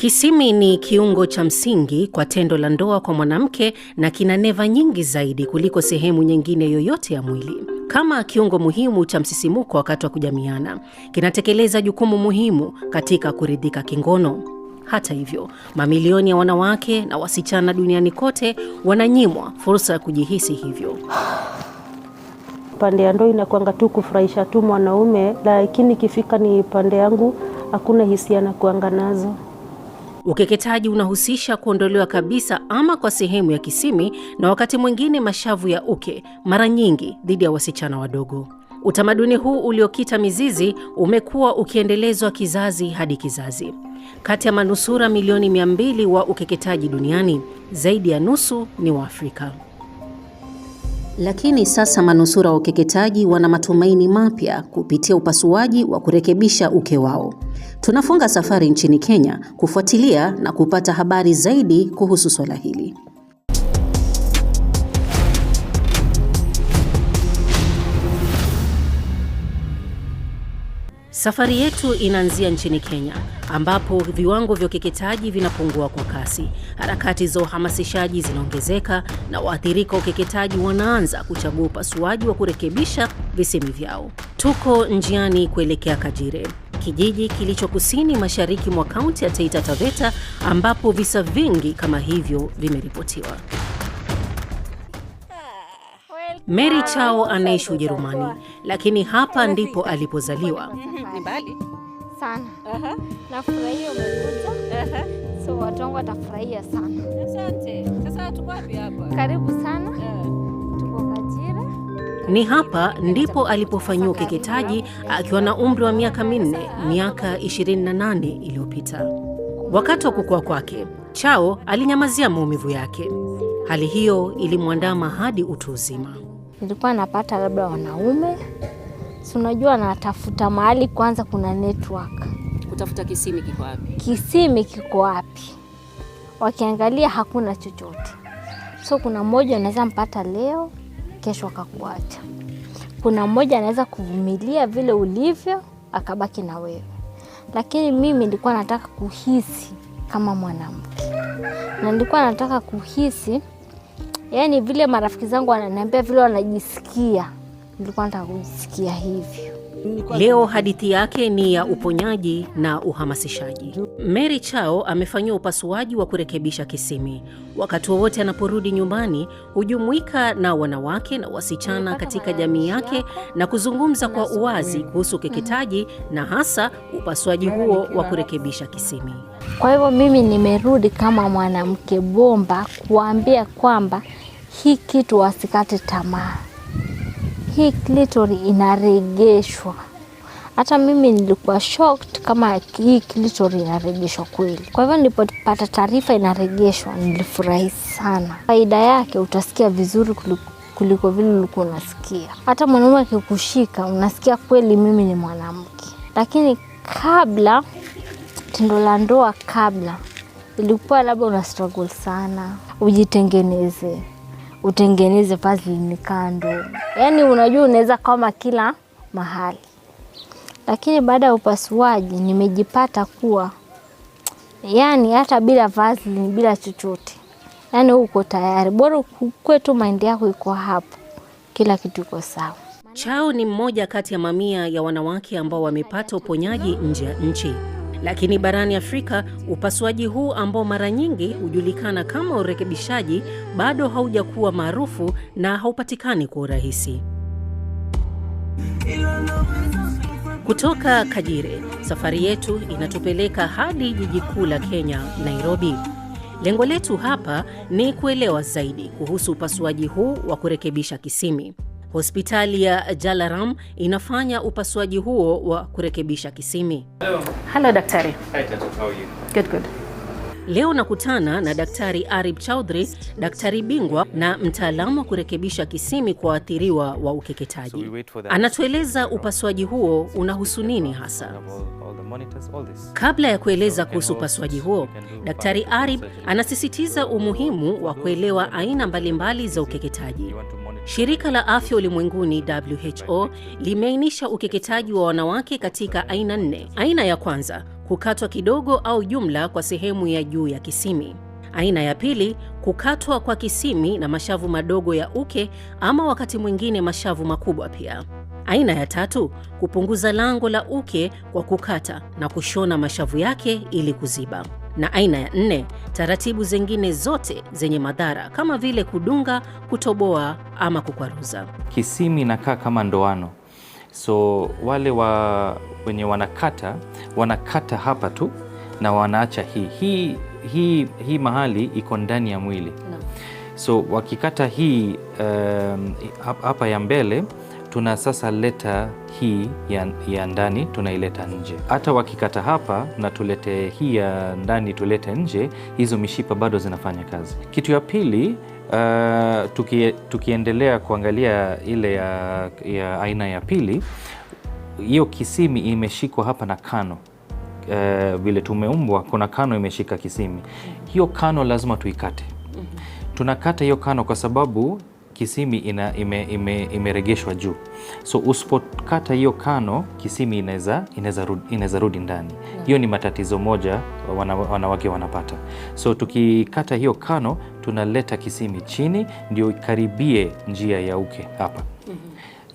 Kisimi ni kiungo cha msingi kwa tendo la ndoa kwa mwanamke na kina neva nyingi zaidi kuliko sehemu nyingine yoyote ya mwili. Kama kiungo muhimu cha msisimuko wakati wa kujamiana, kinatekeleza jukumu muhimu katika kuridhika kingono. Hata hivyo, mamilioni ya wanawake na wasichana duniani kote wananyimwa fursa ya kujihisi hivyo. Pande ya ndoa inakwanga tu kufurahisha tu mwanaume, lakini ikifika ni pande yangu, hakuna hisia na kuanga nazo. Ukeketaji unahusisha kuondolewa kabisa ama kwa sehemu ya kisimi na wakati mwingine mashavu ya uke, mara nyingi dhidi ya wasichana wadogo. Utamaduni huu uliokita mizizi umekuwa ukiendelezwa kizazi hadi kizazi. Kati ya manusura milioni 200 wa ukeketaji duniani, zaidi ya nusu ni Waafrika. Lakini sasa manusura wa ukeketaji wana matumaini mapya kupitia upasuaji wa kurekebisha uke wao. Tunafunga safari nchini Kenya kufuatilia na kupata habari zaidi kuhusu swala hili. Safari yetu inaanzia nchini Kenya ambapo viwango vya ukeketaji vinapungua kwa kasi. Harakati za uhamasishaji zinaongezeka na waathirika wa ukeketaji wanaanza kuchagua upasuaji wa kurekebisha visemi vyao. Tuko njiani kuelekea Kajire, kijiji kilicho kusini mashariki mwa kaunti ya Taita Taveta ambapo visa vingi kama hivyo vimeripotiwa. Mary Chao anaishi Ujerumani, lakini hapa ndipo alipozaliwa. Ni mbali Sana. Aha. Nafurahia umekuja. So watu wangu watafurahia sana. Asante. Sasa tuko wapi hapa? Karibu sana. Eh. Ni hapa ndipo alipofanyiwa ukeketaji akiwa na umri wa miaka minne, miaka 28 iliyopita. Wakati wa kukua kwake, Chao alinyamazia maumivu yake. Hali hiyo ilimwandama hadi utu uzima. Nilikuwa napata labda wanaume, si unajua, natafuta mahali kwanza kuna network. Kutafuta kisimi kiko wapi? Kisimi kiko wapi? Wakiangalia hakuna chochote, so kuna mmoja unaweza mpata leo kesho akakuacha. Kuna mmoja anaweza kuvumilia vile ulivyo akabaki na wewe, lakini mimi nilikuwa nataka kuhisi kama mwanamke na nilikuwa nataka kuhisi yani vile marafiki zangu wananiambia vile wanajisikia, nilikuwa nataka kujisikia hivyo. Leo hadithi yake ni ya uponyaji na uhamasishaji. Mary Chao amefanyiwa upasuaji wa kurekebisha kisimi. Wakati wowote anaporudi nyumbani, hujumuika na wanawake na wasichana katika jamii yake na kuzungumza kwa uwazi kuhusu ukeketaji na hasa upasuaji huo wa kurekebisha kisimi. Kwa hivyo mimi nimerudi kama mwanamke bomba kuambia kwamba hii kitu wasikate tamaa hii klitori inaregeshwa. Hata mimi nilikuwa shocked kama hii klitori inaregeshwa kweli. Kwa hivyo nilipopata taarifa inaregeshwa, nilifurahi sana. Faida yake utasikia vizuri kuliko kuliko vile ulikuwa unasikia. Hata mwanaume akikushika unasikia kweli mimi ni mwanamke. Lakini kabla tendo la ndoa, kabla ilikuwa labda una struggle sana, ujitengeneze utengeneze puzzle kando yaani unajua unaweza kama kila mahali. Lakini baada ya upasuaji nimejipata kuwa yani hata bila puzzle, bila chochote, yaani uko tayari, bora ukue tu mind yako iko hapo, kila kitu iko sawa. Chao ni mmoja kati ya mamia ya wanawake ambao wamepata uponyaji nje ya nchi. Lakini barani Afrika, upasuaji huu ambao mara nyingi hujulikana kama urekebishaji bado haujakuwa maarufu na haupatikani kwa urahisi. Kutoka Kajire, safari yetu inatupeleka hadi jiji kuu la Kenya, Nairobi. Lengo letu hapa ni kuelewa zaidi kuhusu upasuaji huu wa kurekebisha kisimi. Hospitali ya Jalaram inafanya upasuaji huo wa kurekebisha kisimi. Hello. Hello, daktari. Hi, how are you? Good, good. Leo nakutana na Daktari Arib Chaudhry, daktari bingwa na mtaalamu wa kurekebisha kisimi kwa waathiriwa wa ukeketaji. Anatueleza upasuaji huo unahusu nini hasa. Kabla ya kueleza kuhusu upasuaji huo, Daktari Arib anasisitiza umuhimu wa kuelewa aina mbalimbali za ukeketaji. Shirika la Afya Ulimwenguni WHO limeainisha ukeketaji wa wanawake katika aina nne. Aina ya kwanza, kukatwa kidogo au jumla kwa sehemu ya juu ya kisimi. Aina ya pili, kukatwa kwa kisimi na mashavu madogo ya uke ama wakati mwingine mashavu makubwa pia. Aina ya tatu, kupunguza lango la uke kwa kukata na kushona mashavu yake ili kuziba na aina ya nne, taratibu zingine zote zenye madhara kama vile kudunga, kutoboa ama kukwaruza. Kisimi inakaa kama ndoano, so wale wa wenye wanakata wanakata hapa tu na wanaacha hii hii hii, hii mahali iko ndani ya mwili no. So wakikata hii um, hapa ya mbele tuna sasa leta hii ya, ya ndani tunaileta nje. Hata wakikata hapa na tulete hii ya ndani tulete nje, hizo mishipa bado zinafanya kazi. Kitu ya pili uh, tuki, tukiendelea kuangalia ile ya, ya aina ya pili, hiyo kisimi imeshikwa hapa na kano uh, vile uh, tumeumbwa kuna kano imeshika kisimi. Hiyo kano lazima tuikate. Mm-hmm. Tunakata hiyo kano kwa sababu Kisimi ina imeregeshwa ime, ime juu, so usipokata hiyo kano, Kisimi inaweza inaweza rudi, inaweza rudi ndani hiyo Ni matatizo moja wanawake wanapata, so tukikata hiyo kano tunaleta Kisimi chini ndio ikaribie njia ya uke hapa mm-hmm.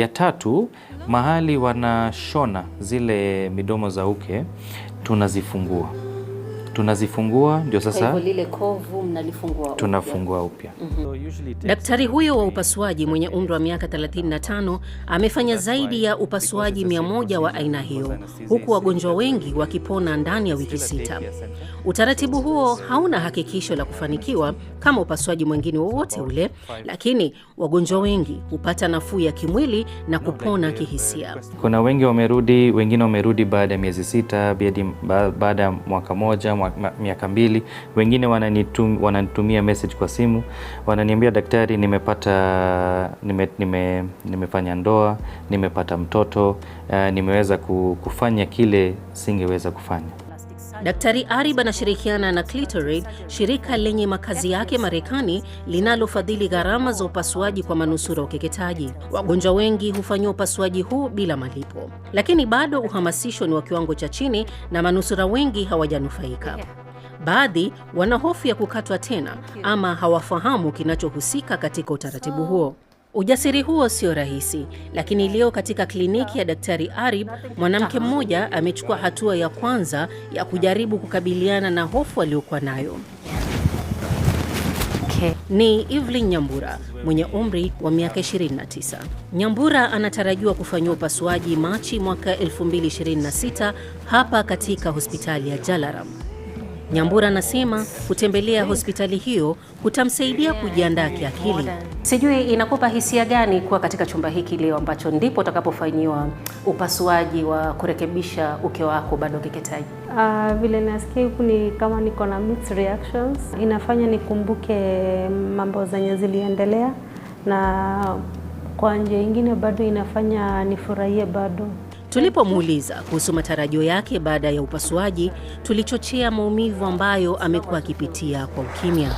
Ya tatu mahali wanashona zile midomo za uke tunazifungua tunazifungua ndio sasa lile kovu mnalifungua Tunafungua upya. Mm -hmm. Daktari huyo wa upasuaji mwenye umri wa miaka 35 amefanya zaidi ya upasuaji 100 wa aina hiyo, huku wagonjwa wengi wakipona ndani ya wiki sita. Utaratibu huo hauna hakikisho la kufanikiwa kama upasuaji mwingine wowote ule, lakini wagonjwa wengi hupata nafuu ya kimwili na kupona uh, kihisia. Kuna wengi wamerudi, wengine wamerudi baada ya miezi sita, baada ya mwaka moja mwaka miaka mbili. Wengine wananitum, wananitumia message kwa simu, wananiambia daktari, nimepata nime, nime, nimefanya ndoa, nimepata mtoto uh, nimeweza kufanya kile singeweza kufanya. Daktari Arib anashirikiana na Clitorid, shirika lenye makazi yake Marekani linalofadhili gharama za upasuaji kwa manusura ukeketaji. Wagonjwa wengi hufanyiwa upasuaji huu bila malipo, lakini bado uhamasisho ni wa kiwango cha chini na manusura wengi hawajanufaika. Baadhi wana hofu ya kukatwa tena ama hawafahamu kinachohusika katika utaratibu huo. Ujasiri huo sio rahisi, lakini leo katika kliniki ya Daktari Arib, mwanamke mmoja amechukua hatua ya kwanza ya kujaribu kukabiliana na hofu aliyokuwa nayo. Ni Evelyn Nyambura mwenye umri wa miaka 29. Nyambura anatarajiwa kufanyiwa upasuaji Machi mwaka 2026 hapa katika hospitali ya Jalaram. Nyambura anasema kutembelea hospitali hiyo kutamsaidia kujiandaa kiakili. Sijui inakupa hisia gani kuwa katika chumba hiki leo ambacho ndipo utakapofanyiwa upasuaji wa kurekebisha uke wako bado keketaji? Uh, ah, vile nasikia huku ni kama niko na mixed reactions, inafanya nikumbuke mambo zenye ziliendelea, na kwa njia ingine bado inafanya nifurahie bado Tulipomuuliza kuhusu matarajio yake baada ya upasuaji, tulichochea maumivu ambayo amekuwa akipitia kwa ukimya.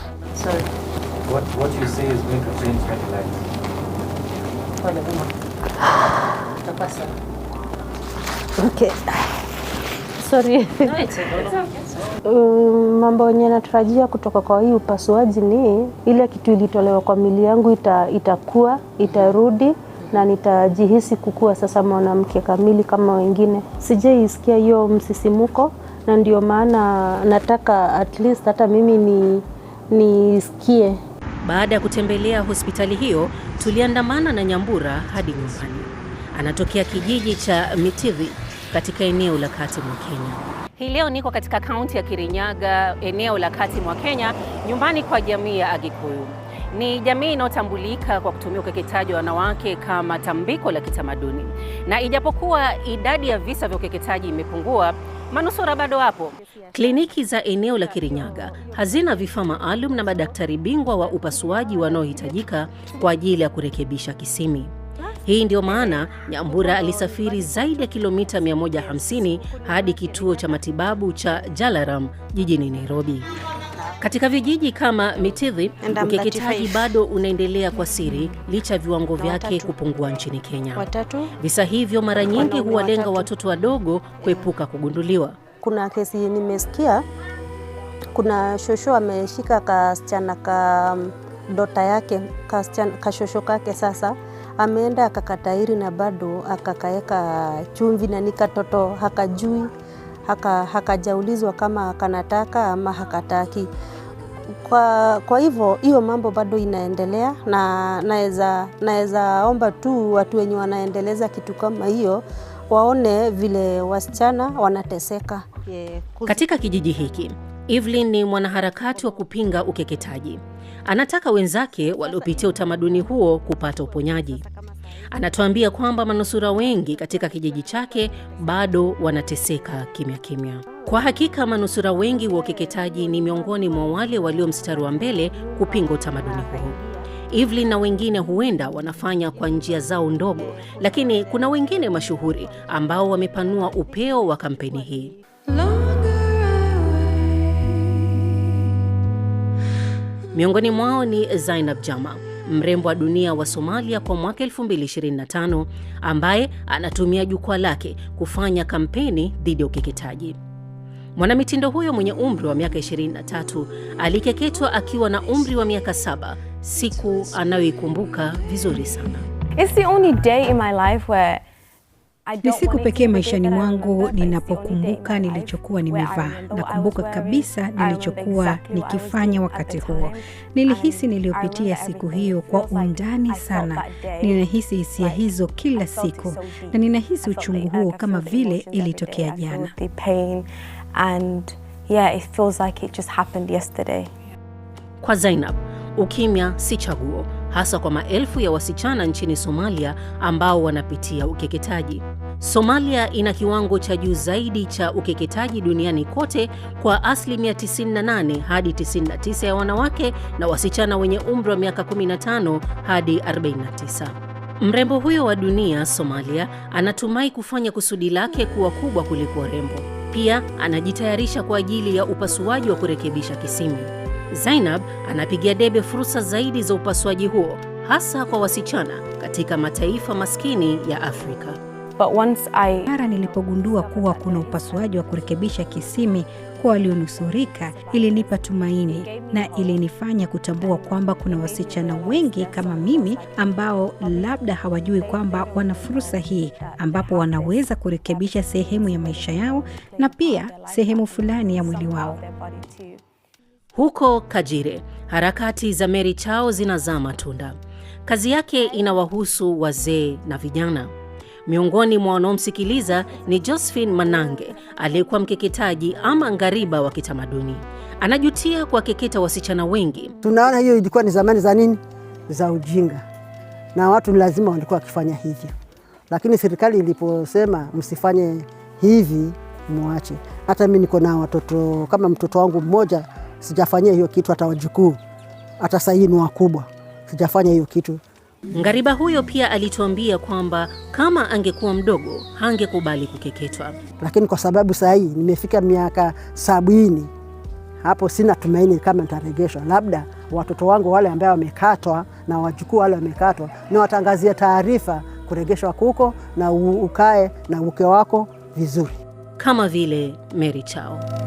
Um, mambo yenye natarajia kutoka kwa hii upasuaji ni ile kitu ilitolewa kwa mili yangu ita, itakuwa itarudi na nitajihisi kukua sasa mwanamke kamili kama wengine. Sijaisikia hiyo msisimuko, na ndio maana nataka at least hata mimi ni nisikie. Baada ya kutembelea hospitali hiyo, tuliandamana na Nyambura hadi nyumbani. Anatokea kijiji cha Mitivi katika eneo la kati mwa Kenya. Hii leo niko katika kaunti ya Kirinyaga, eneo la kati mwa Kenya, nyumbani kwa jamii ya Agikuyu. Ni jamii inayotambulika kwa kutumia ukeketaji wa wanawake kama tambiko la kitamaduni, na ijapokuwa idadi ya visa vya ukeketaji imepungua, manusura bado wapo. Kliniki za eneo la Kirinyaga hazina vifaa maalum na madaktari bingwa wa upasuaji wanaohitajika kwa ajili ya kurekebisha kisimi. Hii ndiyo maana Nyambura alisafiri zaidi ya kilomita 150 hadi kituo cha matibabu cha Jalaram jijini Nairobi. Katika vijiji kama Mitithi, ukeketaji bado unaendelea kwa siri licha viwango vyake kupungua nchini Kenya. Visa hivyo mara nyingi huwalenga watoto wadogo kuepuka kugunduliwa. Kuna kesi nimesikia, kuna shosho ameshika kasichana ka mm, dota yake kashosho kake, sasa ameenda akakatairi na bado akakaeka chumvi na ni katoto hakajui hakajaulizwa haka kama kanataka ama hakataki. Kwa, kwa hivyo hiyo mambo bado inaendelea, na naweza naweza omba tu watu wenye wanaendeleza kitu kama hiyo waone vile wasichana wanateseka katika kijiji hiki. Evelyn ni mwanaharakati wa kupinga ukeketaji. Anataka wenzake waliopitia utamaduni huo kupata uponyaji. Anatuambia kwamba manusura wengi katika kijiji chake bado wanateseka kimya kimya. Kwa hakika manusura wengi wa ukeketaji ni miongoni mwa wale walio mstari wa mbele kupinga utamaduni huu. Evelyn na wengine huenda wanafanya kwa njia zao ndogo, lakini kuna wengine mashuhuri ambao wamepanua upeo wa kampeni hii. Miongoni mwao ni Zainab Jama, mrembo wa dunia wa Somalia kwa mwaka 2025 ambaye anatumia jukwaa lake kufanya kampeni dhidi ya ukeketaji. Mwanamitindo huyo mwenye umri wa miaka 23 alikeketwa akiwa na umri wa miaka saba, siku anayoikumbuka vizuri sana. Ni siku pekee maishani mwangu ninapokumbuka nilichokuwa nimevaa. Nakumbuka kabisa nilichokuwa nikifanya wakati huo. Nilihisi niliyopitia siku hiyo kwa undani sana. Ninahisi hisia hizo kila siku, na ninahisi uchungu huo kama vile ilitokea jana and yeah, it feels like it just happened yesterday. Kwa Zainab, ukimya si chaguo, hasa kwa maelfu ya wasichana nchini Somalia ambao wanapitia ukeketaji. Somalia ina kiwango cha juu zaidi cha ukeketaji duniani kote kwa asilimia 98 hadi 99 ya wanawake na wasichana wenye umri wa miaka 15 hadi 49. Mrembo huyo wa dunia Somalia anatumai kufanya kusudi lake kuwa kubwa kuliko rembo. Pia anajitayarisha kwa ajili ya upasuaji wa kurekebisha kisimi. Zainab anapigia debe fursa zaidi za upasuaji huo hasa kwa wasichana katika mataifa maskini ya Afrika. But once I... mara nilipogundua kuwa kuna upasuaji wa kurekebisha kisimi kwa walionusurika, ilinipa tumaini na ilinifanya kutambua kwamba kuna wasichana wengi kama mimi ambao labda hawajui kwamba wana fursa hii ambapo wanaweza kurekebisha sehemu ya maisha yao na pia sehemu fulani ya mwili wao. Huko Kajire, harakati za Mary Chao zinazaa matunda. Kazi yake inawahusu wazee na vijana. Miongoni mwa wanaomsikiliza ni Josephine Manange aliyekuwa mkeketaji ama ngariba wa kitamaduni. Anajutia kuwakeketa wasichana wengi. Tunaona hiyo ilikuwa ni zamani za nini, za ujinga, na watu ni lazima walikuwa wakifanya hivyo, lakini serikali iliposema msifanye hivi, mwache. Hata mi niko na watoto kama mtoto wangu mmoja, sijafanyia hiyo kitu. Hata wajukuu, hata sahii ni wakubwa, sijafanya hiyo kitu. Ngariba huyo pia alituambia kwamba kama angekuwa mdogo hangekubali kukeketwa, lakini kwa sababu saa hii nimefika miaka sabini, hapo sina tumaini kama nitaregeshwa. Labda watoto wangu wale ambao wamekatwa na wajukuu wale wamekatwa, ni watangazia taarifa kuregeshwa kuko na ukae na uke wako vizuri, kama vile Mary Chao.